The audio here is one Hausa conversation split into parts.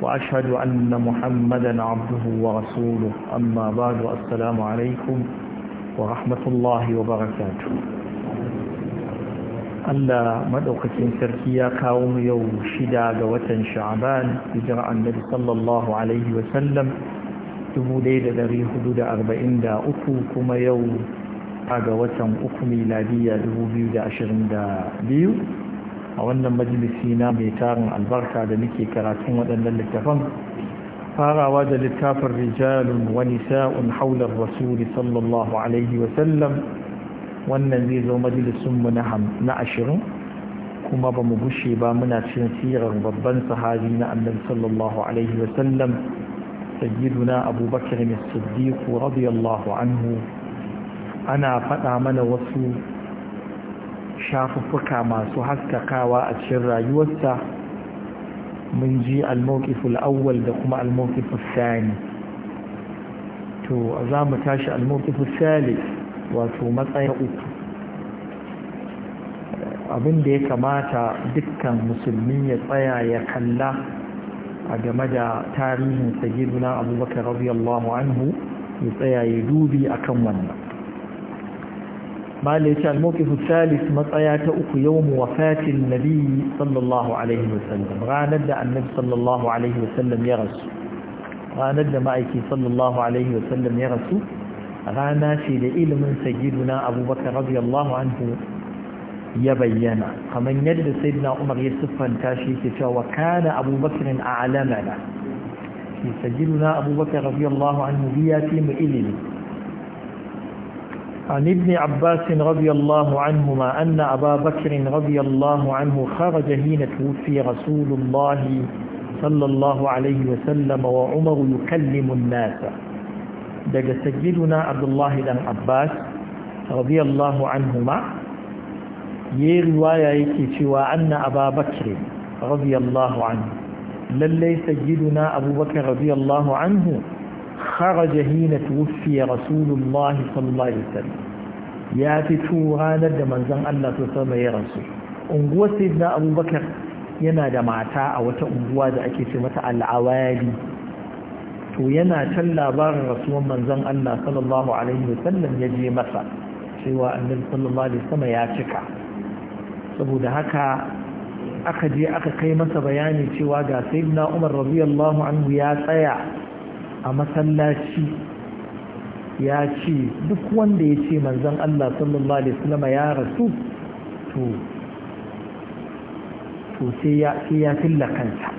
وأشهد أن محمدا عبده ورسوله أما بعد السلام عليكم ورحمة الله وبركاته Allah maɗaukacin sarki ya kawo mu yau shida ga watan sha'aban hijira annabi sallallahu alaihi wa sallam 1443 kuma yau ga watan uku miladiya 2022 a wannan majalisi na mai tarin albarka da muke karatun waɗannan littafan farawa da littafin rijalun wani sa'un haular rasuli sallallahu alaihi wasallam wannan zai zo majalisunmu na ashirin kuma ba mu gushe ba muna cin sirar babban sahabi na annabi sallallahu alaihi wasallam sayyiduna abubakar siddiq radiyallahu anhu ana faɗa mana wasu shafuffuka masu haskakawa a cikin rayuwarsa mun ji al-mawqiful awwal da kuma al-mawqifus thani to za mu tashi al-mawqifus thalith wato matsayin uku abin da ya kamata dukkan musulmi ya tsaya ya kalla a game da tarihin sayyiduna abubakar radiyallahu anhu ya tsaya ya dubi akan wannan ما ليس الموقف الثالث مطيات أخ يوم وفاة النبي صلى الله عليه وسلم غاند النبي صلى الله عليه وسلم يغس غاند مائكي صلى الله عليه وسلم يغس غانا في من سيدنا أبو بكر رضي الله عنه يبينا فمن يد سيدنا عمر يصفا تاشيك وكان أبو بكر أعلمنا سيدنا أبو بكر رضي الله عنه بياتي مئلني عن ابن عباس رضي الله عنهما أن أبا بكر رضي الله عنه خرج حين توفي رسول الله صلى الله عليه وسلم وعمر يكلم الناس دق سجدنا عبد الله بن عباس رضي الله عنهما يروي رواية أن أبا بكر رضي الله عنه للي سجدنا أبو بكر رضي الله عنه خرج حين توفي رسول الله صلى الله عليه وسلم يا فتو ranar da manzon Allah ta sama ya rasu unguwar sayyidina abubakar yana da mata a wata unguwa da ake ce mata al'awali to yana can labarin rasuwan manzon Allah sallallahu alaihi wasallam ya je masa cewa annabi sallallahu alaihi wasallam ya cika saboda haka aka je aka kai masa bayani cewa ga sayyidina Umar radiyallahu ya tsaya a masallaci ya ce duk wanda ya ce manzan Allah sallallahu alaihi wasallam ya rasu to to sai ya filla ya kansa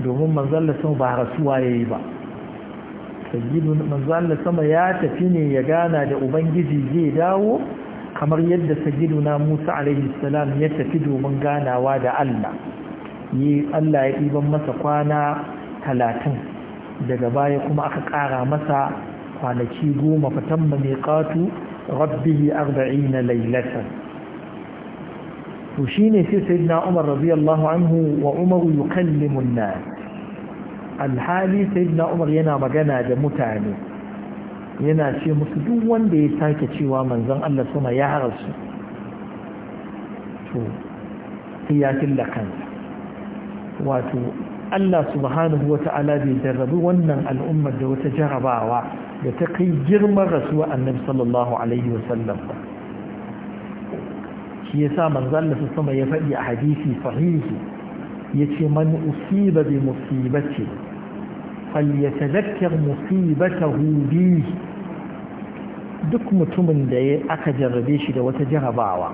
domin manzan Allah sun ba rasuwa ya yi ba sayyidu manzan Allah sama ya tafi ne ya gana da ubangiji zai dawo kamar yadda na Musa alaihi salam ya tafi domin ganawa da Allah yi Allah ya ɗiban masa kwana talatin daga baya kuma aka ƙara masa kwanaki goma fatan maniƙatu rabbihi arba'ina lailatan to shine sai sayyidina Umar radiyallahu anhu wa Umar yukallimu an-nas alhali sayyidina Umar yana magana da mutane yana ce musu duk wanda ya sake cewa manzon Allah sama ya harasu to sai ya kansa wato Allah subhanahu wa ta'ala bai jarrabi wannan al'ummar da wata jarabawa da ta kai girman rasuwa annabi sallallahu alaihi wasallam shi yasa manzon Allah sama ya faɗi a hadisi Ya yace man usiba bi musibati falyatadhakkar musibata bi duk mutumin da ya aka jarrabe shi da wata jarabawa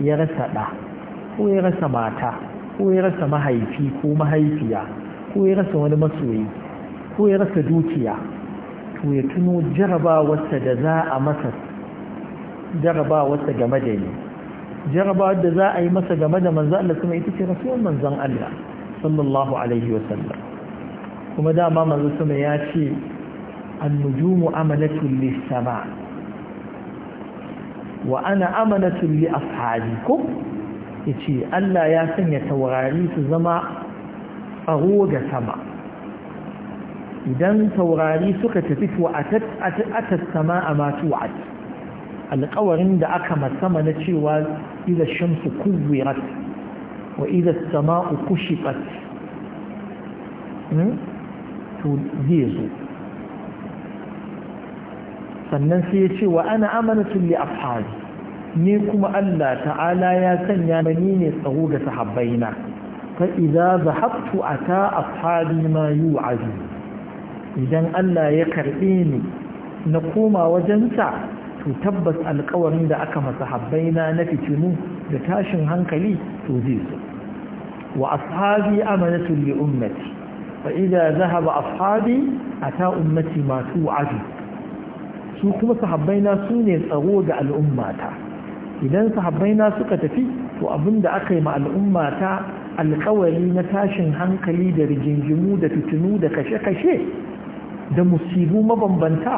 ya rasa ɗa ko ya rasa mata ko ya rasa mahaifi ko mahaifiya ko ya rasa wani masoyi ko ya rasa dukiya to ya tuno jarabawarsa da za a masa jarabawarsa game da ni jarabawar da za a yi masa game da manzan Allah kuma ita ce rasuwar manzan Allah sallallahu alaihi wasallam kuma dama manzan sama ya ce annujumu amanatul lisama wa ana amanatul li ashabi ko yace Allah ya sanya taurari su zama a roga sama idan taurari suka tafi to a sama a matuwat alkawarin da aka masama na cewa iza shamsu kuwirat wa iza sama'u kushiqat hmm? to zai zo sannan sai ya ce wa ana amanatun li afhari ne kuma Allah ta'ala ya sanya mani ne tsaro ga sahabbaina fa’iza zahabtu ata a ta a faɗi idan Allah ya karɓe ni na koma wajen wajensa to tabbas alkawarin da aka ma habbai na na da tashin hankali to zai su wa ashabi amanatu li ummati fa idza zahaba ashabi ata ummati ma su'adu su kuma sahabaina su ne tsaro da al'ummata idan sahabbaina suka tafi to abinda aka yi ma al'ummata alkawari na tashin hankali da rigingimu da fitinu da kashe-kashe da musibu mabambanta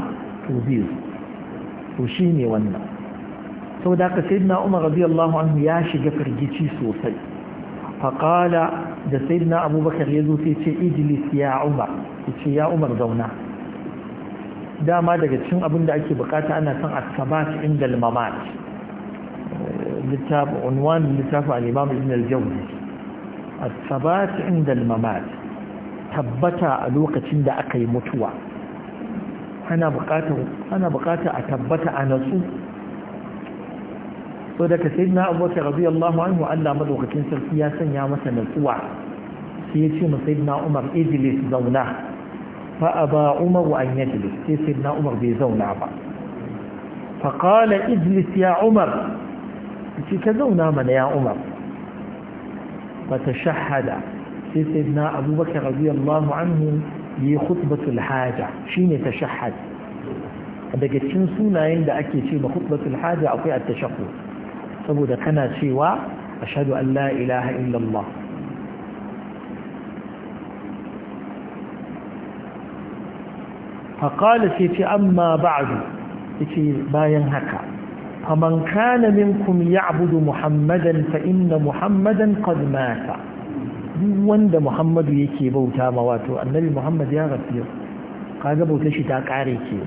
to biyu to shi ne wannan sau da aka na umar radiyallahu anhu ya shiga firgici sosai faƙala da na abubakar ya zo sai ce ijilis ya umar ya ce ya umar zauna dama daga cin abin da ake bukata ana son asabat inda mamat eh, littafin unwan littafin alimamu ibn al الثبات عند الممات tabbata a lokacin da aka yi mutuwa ana bukata a tabbata a natsu so daga sai na abubakar rabi Allah anhu Allah madaukakin sarki ya sanya masa natsuwa sai ya ce masai na umar ijilis zauna fa a ba umaru an yajilis sai sai na umar bai zauna ba faƙala ijilis ya umar ce ka zauna mana ya umar فتشهد سيدنا أبو بكر رضي الله عنه لخطبة الحاجة شين يتشهد عند جتين سونا عند أكي شين بخطبه الحاجة أو في التشهد فبدا كان سوى أشهد أن لا إله إلا الله فقال سيدي أما بعد سيدي باين هكذا فمن كان منكم يعبد محمدا فإن محمدا قد مات وند محمد يكي بوتا مواتو النبي محمد يا غفير قال ابو تشي تاكاري كي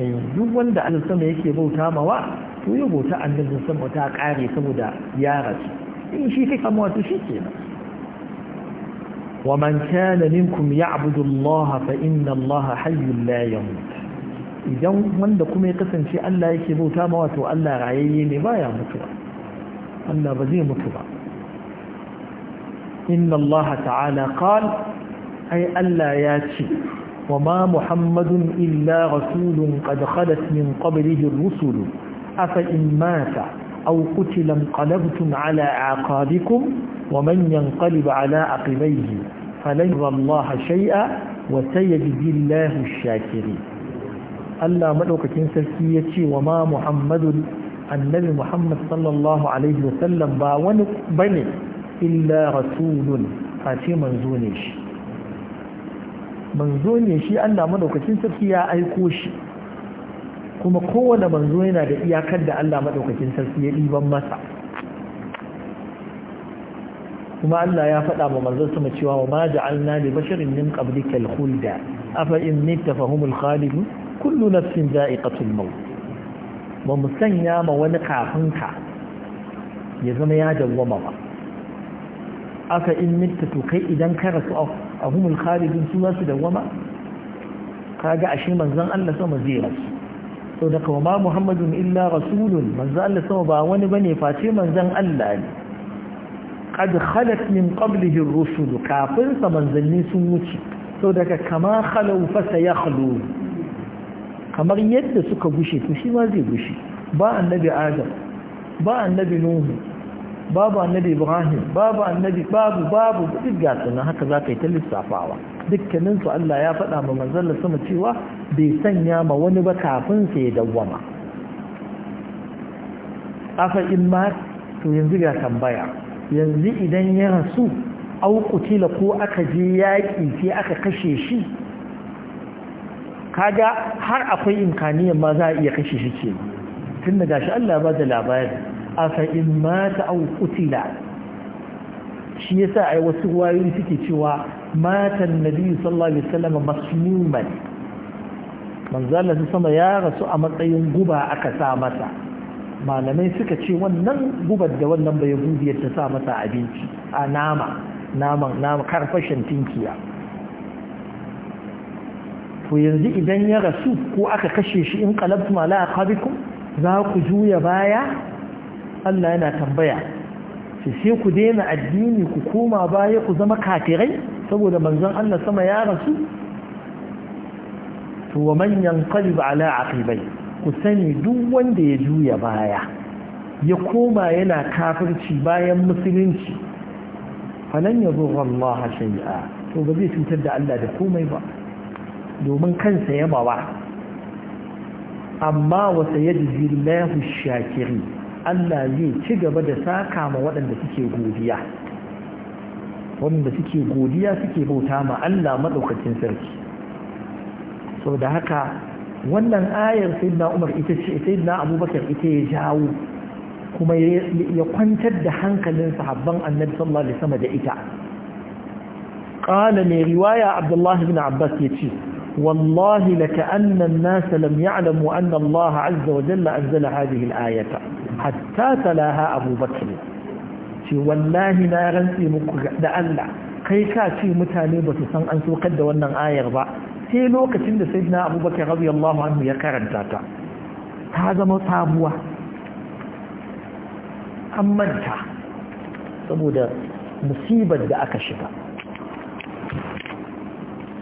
اي وند ان سم يكي بوتا موا تو يبوتا ان دو سم بوتا يا غفير ان إيه، شي في مواتو شي كي ومن كان منكم يعبد الله فان الله حي لا يموت idan wanda kuma ya kasance Allah yake bauta ma wato Allah rayayye ne baya mutu Allah ba zai mutu ba inna Allah ta'ala qal ai Allah ya ce wa ma muhammadun illa rasulun qad khalat min qablihi ar-rusul afa in mata aw qutila qalabtum ala aqabikum wa man yanqalib ala aqibayhi falan Allah shay'a wa sayajzi Allahu ash-shakirin Allah maɗaukakin sarki ya ce wa ma Muhammadun annabi Muhammad sallallahu alaihi wasallam ba wani bane illa rasulun face manzo ne shi manzo ne shi Allah maɗaukakin sarki ya aiko shi kuma kowane manzo yana da iyakar da Allah maɗaukakin sarki ya ɗiban masa kuma Allah ya faɗa wa manzon sama cewa wa ma ja'alna li basharin min qablika al-khulda afa in mitta fahumul kullu nafsin za'iqatul maut ba mu sanya ma wani kafin ka ya zama ya dawwama ba aka in mitta to kai idan ka rasu a humul khalidin su su dawwama kaga ashe manzon Allah sama zai rasu to da kuma ma Muhammadun illa rasulun manzon Allah sama ba wani bane face manzon Allah ne qad khalat min qablihi ar-rusul kafin sa manzanni sun wuce to daga kama khalu fa sayakhlu kamar yadda suka gushe to shi ma zai gushe ba annabi adam ba annabi nuhu babu annabi ibrahim babu annabi babu babu duk gasu nan haka za ka yi ta lissafawa dukkaninsu allah ya faɗa ma manzalla sama cewa bai sanya ma wani ba kafin sa ya dawwama afa in ma to yanzu ga tambaya yanzu idan ya rasu aukutila ko aka je yaƙi sai aka kashe shi kaga har akwai imkaniyar ma za a iya kashe shi ke tun da gashi Allah ba da labari a fa'in mata au kutila shi a ai wasu wayoyi suke cewa matan nabi sallallahu alaihi wasallam masmuman manzo su sama ya rasu a matsayin guba aka sa masa malamai suka ce wannan gubar da wannan bayan gudiyar ta sa masa abinci a nama naman nama karfashin tinkiya to yanzu idan ya rasu ko aka kashe shi in qalabtum ala aqabikum za ku juya baya Allah yana tambaya sai ku daina addini ku koma baya ku zama kafirai saboda manzon Allah sama ya rasu to wa man yanqalib ala aqibai ku sani duk wanda ya juya baya ya koma yana kafirci bayan musulunci falan yadurra Allah shay'a to ba zai cutar da Allah da komai ba domin kansa ya mawa amma wasa ya jizillahu shakiri Allah zai ci gaba da saka ma waɗanda suke godiya waɗanda suke godiya suke bauta ma Allah maɗaukacin sarki sau da haka wannan ayar sayyidina umar ita ce sayyidina abubakar ita ya jawo kuma ya kwantar da hankalin sahabban annabi sallallahu alaihi da ita qala mai riwaya abdullahi ibn abbas yace والله لكأن الناس لم يعلموا أن الله عز وجل أنزل هذه الآية حتى تلاها أبو بكر والله نارا في مقرأ الله kai ka ce mutane ba su san an sokar da wannan ayar ba sai lokacin da sayyidina abubakar radiyallahu anhu ya karanta ta ta zama sabuwa an manta saboda musibar da aka shiga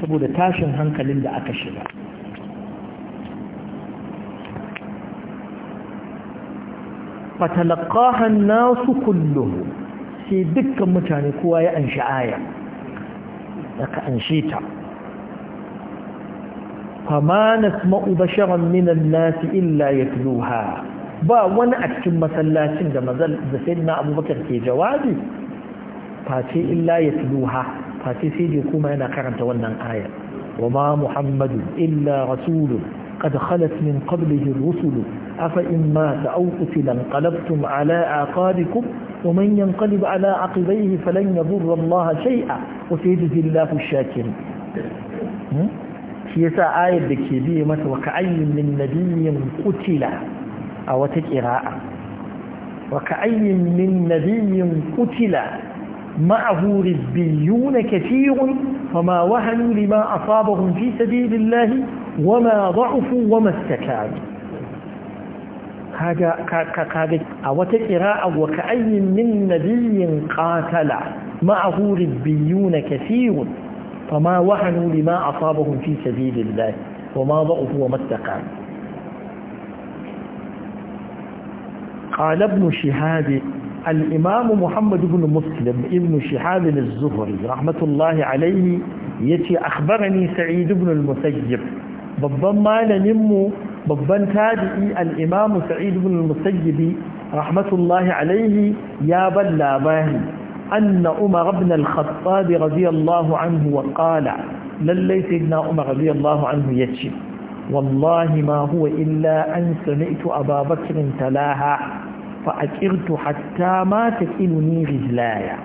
saboda tashin hankalin da aka shiga fatalakahan nasu kullu. sai dukkan mutane kowa ya anshi aya aka anshe ta fama nasma'u basharan min an-nas illa tuluha. ba wani a cikin masallacin da mazal da sayyidina abubakar ke jawabi face illa tuluha. fashi kuma yana karanta wannan aya wa ma muhammadu illa rasulu kada khalas min qablihi rusulu afa in ma ta'u lan qalabtum ala aqabikum wa man yanqalib ala aqibaihi falan yadurra Allah shay'a wa sayajidu Allahu shakir hmm? shi yasa ayar da ke biye masa wa ka'ayyin min nabiyyin qutila a wata ƙira'a. wa ka'ayyin min nabiyyin qutila معه ربيون كثير فما وهنوا لما أصابهم في سبيل الله وما ضعفوا وما استكانوا هذا كقالت اوت قراءه وكاي من نبي قاتل معه ربيون كثير فما وهنوا لما أصابهم في سبيل الله وما ضعفوا وما استكانوا قال ابن شهاب الإمام محمد بن مسلم ابن شهاب الزهري رحمة الله عليه يتي أخبرني سعيد بن المسيب babban malaminmu babban tabi'i al'imamu sa'id ibn musayyibi rahmatullahi alaihi ya ban labari anna umar ibn al-khattab radiyallahu anhu wa qala lallai sayyidina umar radiyallahu anhu yace wallahi ma huwa illa an sami'tu ababakr talaha fa’aƙirtu hatta mata ilmi rijilaya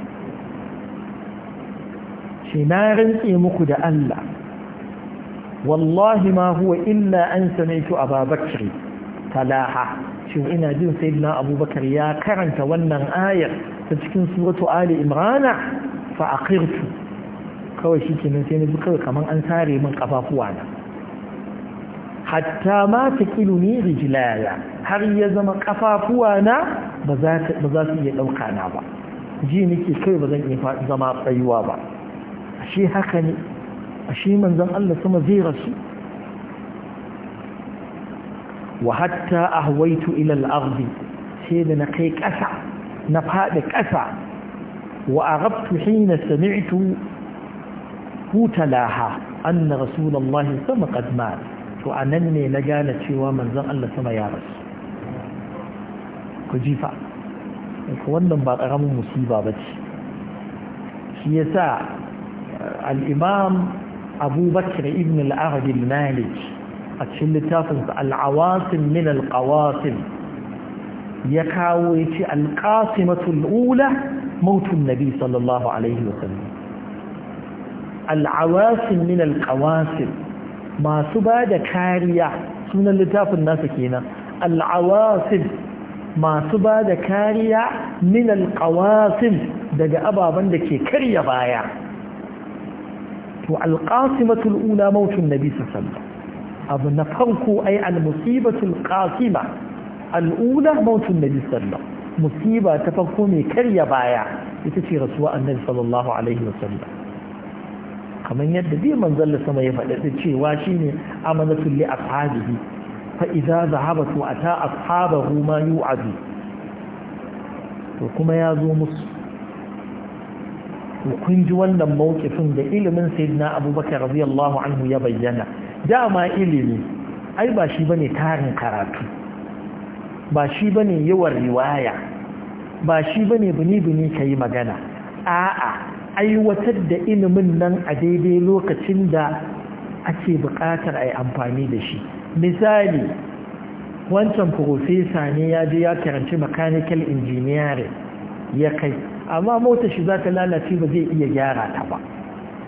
shi na rantse muku da Allah wallahi ma huwa illa an sanaitu a babakiri talaha shi ina jin sai na abubakar ya karanta wannan ayar ta cikin suratu ali imrana fa’aƙirtu kawai shi ke nan sai na bukawa kamar an sare min ƙafafuwa na hatta ma ta kiluni rijilaya har ya zama kafafuwa na ba za su iya ɗauka na ba ji nake kai ba zan iya zama tsayuwa ba ashe haka ne ashe manzon Allah sama zai rasu wa hatta ahwaitu ila al-ardi sai da na kai ƙasa na faɗi ƙasa wa arabtu hina sami'tu hutalaha anna rasulallah sama qad to a nan ne na gane cewa manzon Allah sama ya rasu ku jifa wannan ba ƙaramin musiba ba ce shi ya sa eh, al'imam abubakar ibn al'arabi malik a cikin littafinsa al'awasin min al'awasin ya kawo ya ce alƙasimatul ula mautun nabi sallallahu alaihi wasallam al'awasin min al'awasin masu ba da kariya sunan littafin nasa kenan al'awasin masu ba da kariya min alƙawasin daga ababen da ke karya baya to alƙasimatul ula mautun nabi sallallahu abu na farko ai almusibatul qasima al'ula mautun nabi sallallahu musiba ta farko mai karya baya ita ce rasuwa annabi sallallahu alaihi wasallam kamar yadda zai manzalla sama ya faɗi cewa shine amanatul li ashabihi fa idza zahaba tu ata ashabahu ma yu'adu to kuma ya zo musu kun ji wannan mawkifin da ilimin sayyidina abubakar radiyallahu anhu ya bayyana dama ilimi ai ba shi bane tarin karatu ba shi bane yawan riwaya ba shi bane bini-bini ka yi magana a'a aiwatar da ilimin nan a daidai lokacin da ake buƙatar a yi amfani da shi misali wancan profesa ne ya je ya karanci mechanical engineering ya kai amma mota shi za ta lalace ba zai iya gyara ta ba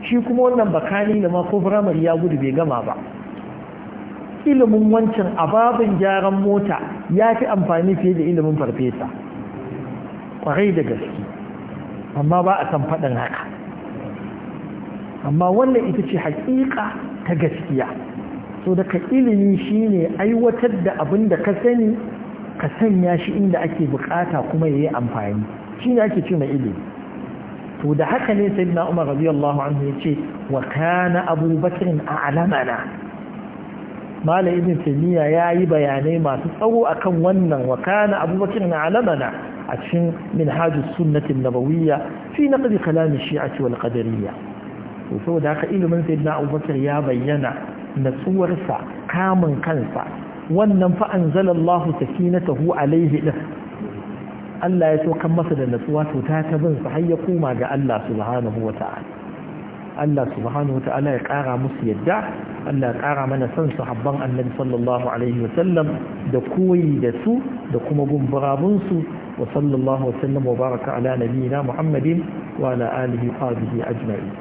shi kuma wannan bakani da ma ko firamare ya gudu bai gama ba ilimin wancan ababin gyaran mota ya fi amfani fiye da ilimin farfesa kwarai da gaske amma ba a san faɗin haka amma wannan ita ce haƙiƙa ta gaskiya so daga ilimi shine aiwatar da abin da ka sani ka sanya shi inda ake bukata kuma ya yi amfani shine ake cewa ilimi to da haka ne sayyidina Umar radiyallahu anhu ce wa kana Abu Bakr a'lamana Malam Ibn Taymiyyah yayi bayanai masu tsawo akan wannan wa kana Abu Bakr a'lamana أتشن منهاج السنة النبوية في نقد كلام الشيعة والقدرية وسو ذاك إلى من سيدنا أبو بكر يا بينا نصور سا كامن كنسا wannan fa anzalallahu sakinatahu alaihi din Allah ya saukan masa da natsuwa to ta ta bin sa har ya koma ga Allah subhanahu wata'ala Allah subhanahu wata'ala ya kara musu yadda Allah ya kara mana san sahabban Annabi sallallahu alaihi da koyi da su da kuma gumburabun su وصلى الله وسلم وبارك على نبينا محمد وعلى آله وصحبه أجمعين